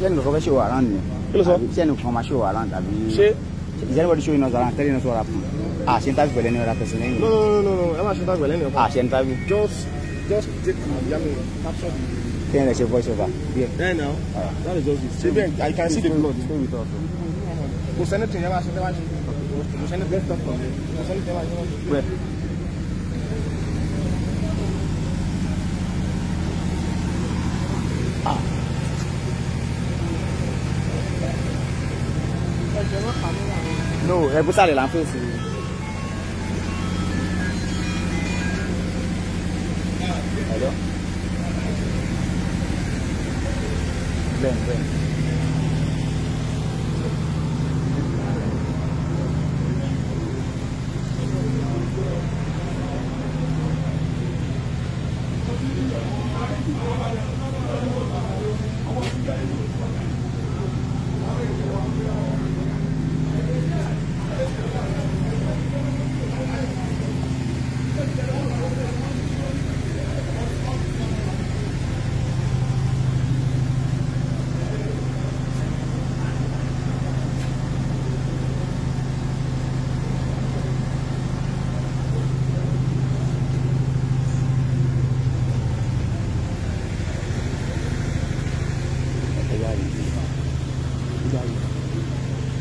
ṣé ẹnìkan fẹ́ ṣe wà around ni ṣé ẹnìkan máa ṣe wà around àbí is anybody showing us around telling us what happened àṣẹ interview pẹ̀lú ẹni ọ̀rá pẹ̀sẹ̀ lẹ́yìn. no no no no ẹ má ṣe interview pẹ̀lú Ah, ọ̀rá. àṣẹ interview. just just take my yami capture the. kí ni ṣe voice over. there yeah, now that is just it. ṣe bẹ́ẹ̀ i can see the blood. stay with us. kò sẹ́ni tìǹyẹ́ máa ṣe tẹ́wájú kò sẹ́ni tẹ́wájú kò sẹ́ni tẹ́wájú. 还不差哩，浪费是。哎呦！笨笨。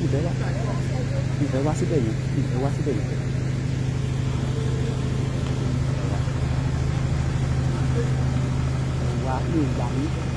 Iberia. Iberia Siberia. Iberia Siberia. Wow, you're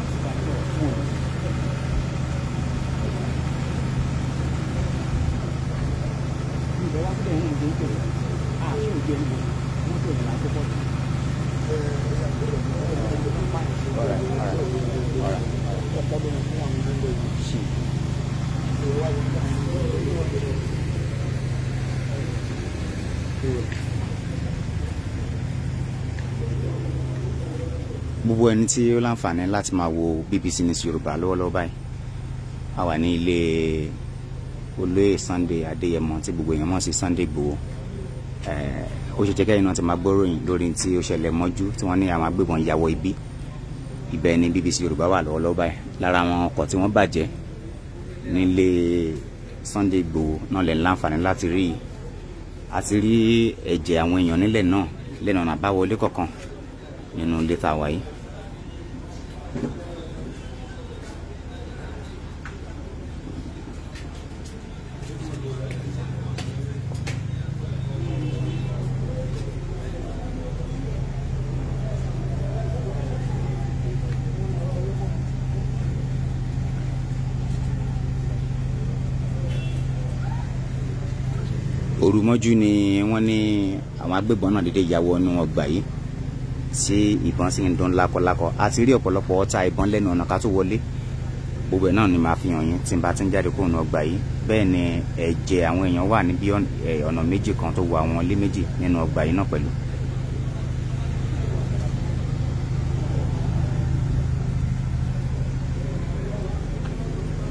gbogbo ẹni tí ó láǹfààní láti máa wo BBC News Yorùbá lọ́wọ́lọ́wọ́ báyìí a wà ní ilé olóyè Sunday Adéyẹmọ tí gbogbo èèyàn mọ̀ sí Sunday Igboho ó ṣe jẹ́kẹ́ iná ti máa gbóròyìn lórí tí ó ṣẹlẹ̀ mọ́jú tí wọ́n ní àwọn agbébọn yàwọ̀ ibi ibẹ̀ ni BBC Yorùbá wà lọ́wọ́lọ́wọ́ báyìí lára àwọn ọkọ̀ tí wọ́n bàjẹ́ nílé Sunday Igboho náà lè láǹfààní láti rí yìí a ti rí ẹ̀jẹ̀ àwọn èèyàn nílẹ̀ náà lẹ́nu ọ̀nà àbáwọlé kọ̀ọ̀kan nínú ilé tá a wà yìí. òrùmọ́jú ni wọ́n ní àwọn agbébọn náà dédé ya wọnú ọgbà yìí tí ìbọn sì ń dún lákọlákọ àti rí ọ̀pọ̀lọpọ̀ ọta ìbọn lẹ́nu ọ̀nà ká tó wọlé gbogbo ẹ̀ náà ni màá fi hàn yín tí n bá ti ń jáde kúrò ní ọgbà yìí bẹ́ẹ̀ ni ẹ̀jẹ̀ àwọn èèyàn wà níbi ọ̀nà méjì kan tó wọ àwọn ilé méjì nínú ọgbà yìí náà pẹ̀lú.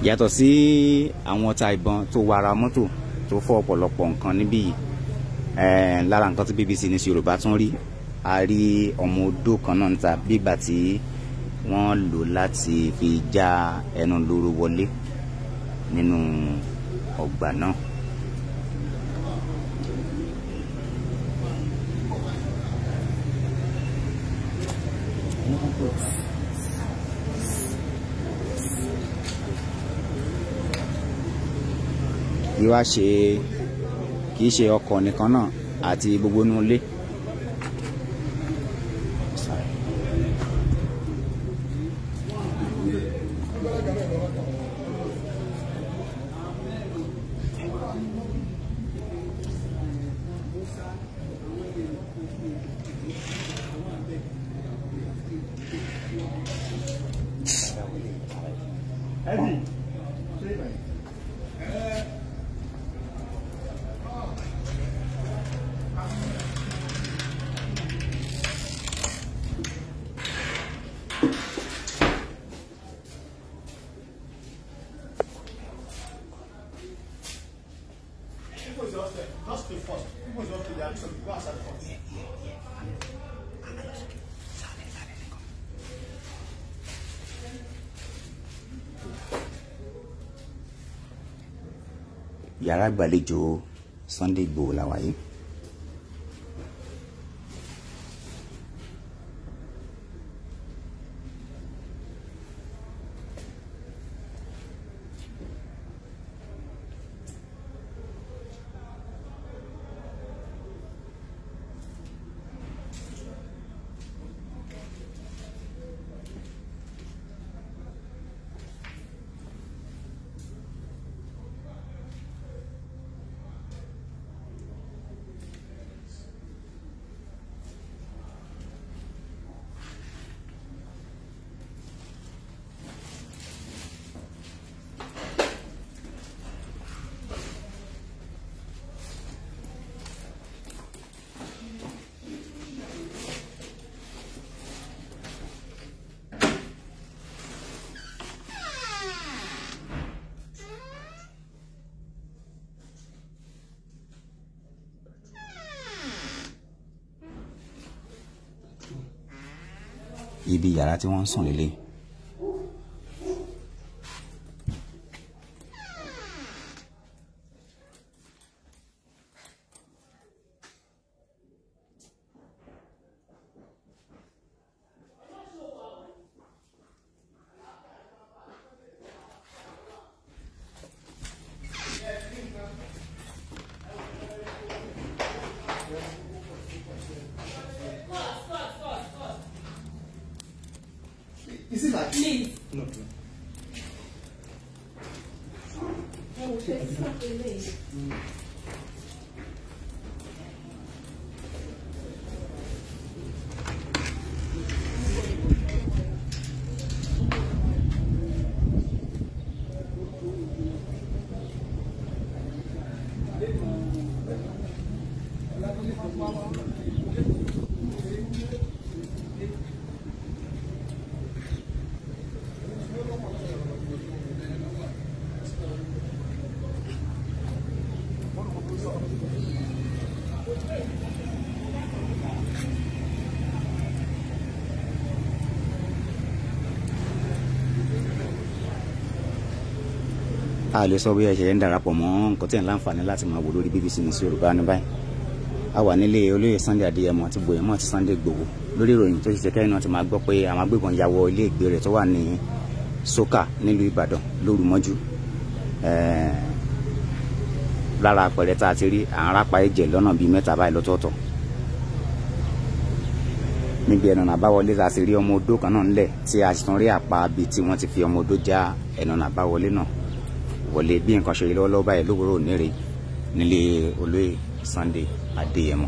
yàtọ̀ sí àwọn ọta ìbọn tó wọ ara mọ́tò tó fọ́ ọ̀pọ̀lọpọ̀ nǹkan níbí yìí eh, lára nǹkan tí BBC ní Yorùbá tún rí a rí ọmọ odó kan náà níta bígbà tí wọ́n lò láti fi já ẹnu lóró wọlé nínú ọgbà náà. Thank you. kì í wá ṣe kì í ṣe ọkọ̀ nìkan náà àti gbogbo inú ilé. yàrá ìgbàlejò Sunday Igboho làwáyé. ibi yàrá tí wọ́n ń sùn lélẹ̀ 累。嗯。a lè sọ bí ẹ̀ṣẹ̀ ń darapọ̀ mọ́ nǹkan tí ẹ̀ ń láǹfààní láti máa wò lórí BBC News Yorùbá ní báyìí a wà nílé olóyè Sunday Adéyẹmọ àti gbòyẹmọ àti Sunday Igboho lórí ìròyìn tó ṣiṣẹ́ kẹ́yìn náà ti máa gbọ́ pé àwọn agbébọn ya wọ ilé ìgbé rẹ̀ tó wà ní Soka nílùú Ìbàdàn lóru mọ́jú ẹ̀ẹ́ lára àpẹẹrẹ tá a ti rí àárá pa ẹ̀jẹ̀ lọ́nà bíi mẹ́ta báyìí lọ́tọ̀ọ̀tọ̀ níbi ẹ̀nànà àbáwọlé la ti rí ọmọ odó kan náà ńlẹ̀ tí a ti tún rí àpá bíi tí wọ́n ti fi ọmọ odó já ẹ̀nànà àbáwọlé náà wọlé bí nǹkan ṣe lọ́wọ́lọ́wọ́ báyìí lówùúrọ̀ nírè nílé olóyè Sunday Adéyẹmọ.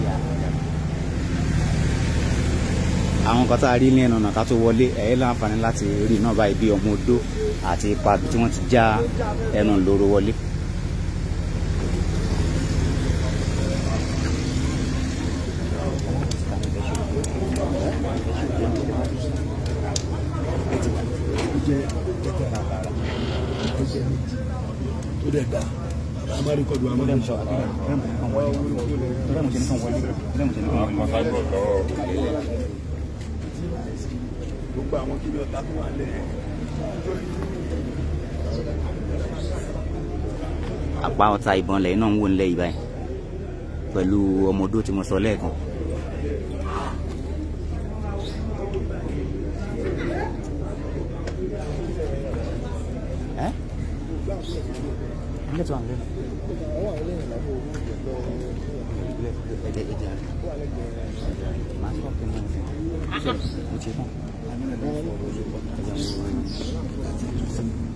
àwọn kan tá a rí ní ẹnu ọ̀nà ká tó wọlé ẹ̀yẹ́ láǹfààní láti rí náà báyìí bí ọmọ odó àti ipa tí wọ́n ti já ẹnu lóró wọlé. Thank you gbogbo àwọn kí ni ọ̀tá tó wà lẹ́yìn. apá ọta ìbọn lẹ́yìn náà ń wò nílẹ̀ yìí báyìí pẹ̀lú tí mo sọ lẹ́ẹ̀kan. Ẹ̀ẹ́dẹ̀tọ̀ 大丈夫ですか